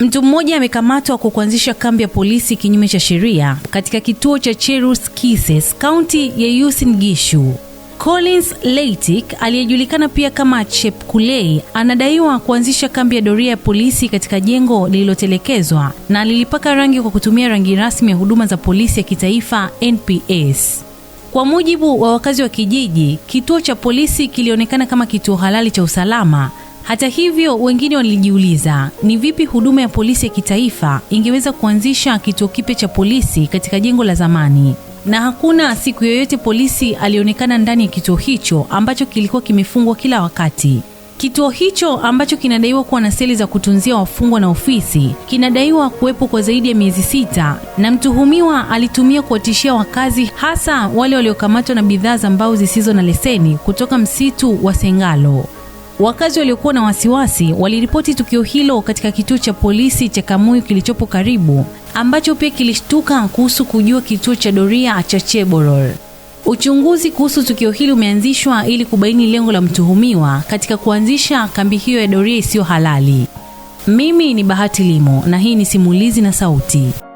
Mtu mmoja amekamatwa kwa kuanzisha kambi ya polisi kinyume cha sheria katika kituo cha Cherus Kises, kaunti ya Uasin Gishu. Collins Leitik aliyejulikana pia kama Chepkulei anadaiwa kuanzisha kambi ya doria ya polisi katika jengo lililotelekezwa na lilipaka rangi kwa kutumia rangi rasmi ya huduma za polisi ya kitaifa NPS. Kwa mujibu wa wakazi wa kijiji, kituo cha polisi kilionekana kama kituo halali cha usalama hata hivyo, wengine walijiuliza ni vipi huduma ya polisi ya kitaifa ingeweza kuanzisha kituo kipya cha polisi katika jengo la zamani na hakuna siku yoyote polisi alionekana ndani ya kituo hicho ambacho kilikuwa kimefungwa kila wakati. Kituo hicho ambacho kinadaiwa kuwa na seli za kutunzia wafungwa na ofisi kinadaiwa kuwepo kwa zaidi ya miezi sita, na mtuhumiwa alitumia kuwatishia wakazi, hasa wale waliokamatwa na bidhaa za mbao zisizo na leseni kutoka msitu wa Sengalo. Wakazi waliokuwa na wasiwasi waliripoti tukio hilo katika kituo cha polisi cha Kamuyu kilichopo karibu, ambacho pia kilishtuka kuhusu kujua kituo cha doria cha Cheborol. Uchunguzi kuhusu tukio hili umeanzishwa ili kubaini lengo la mtuhumiwa katika kuanzisha kambi hiyo ya doria isiyo halali. Mimi ni Bahati Limo na hii ni Simulizi na Sauti.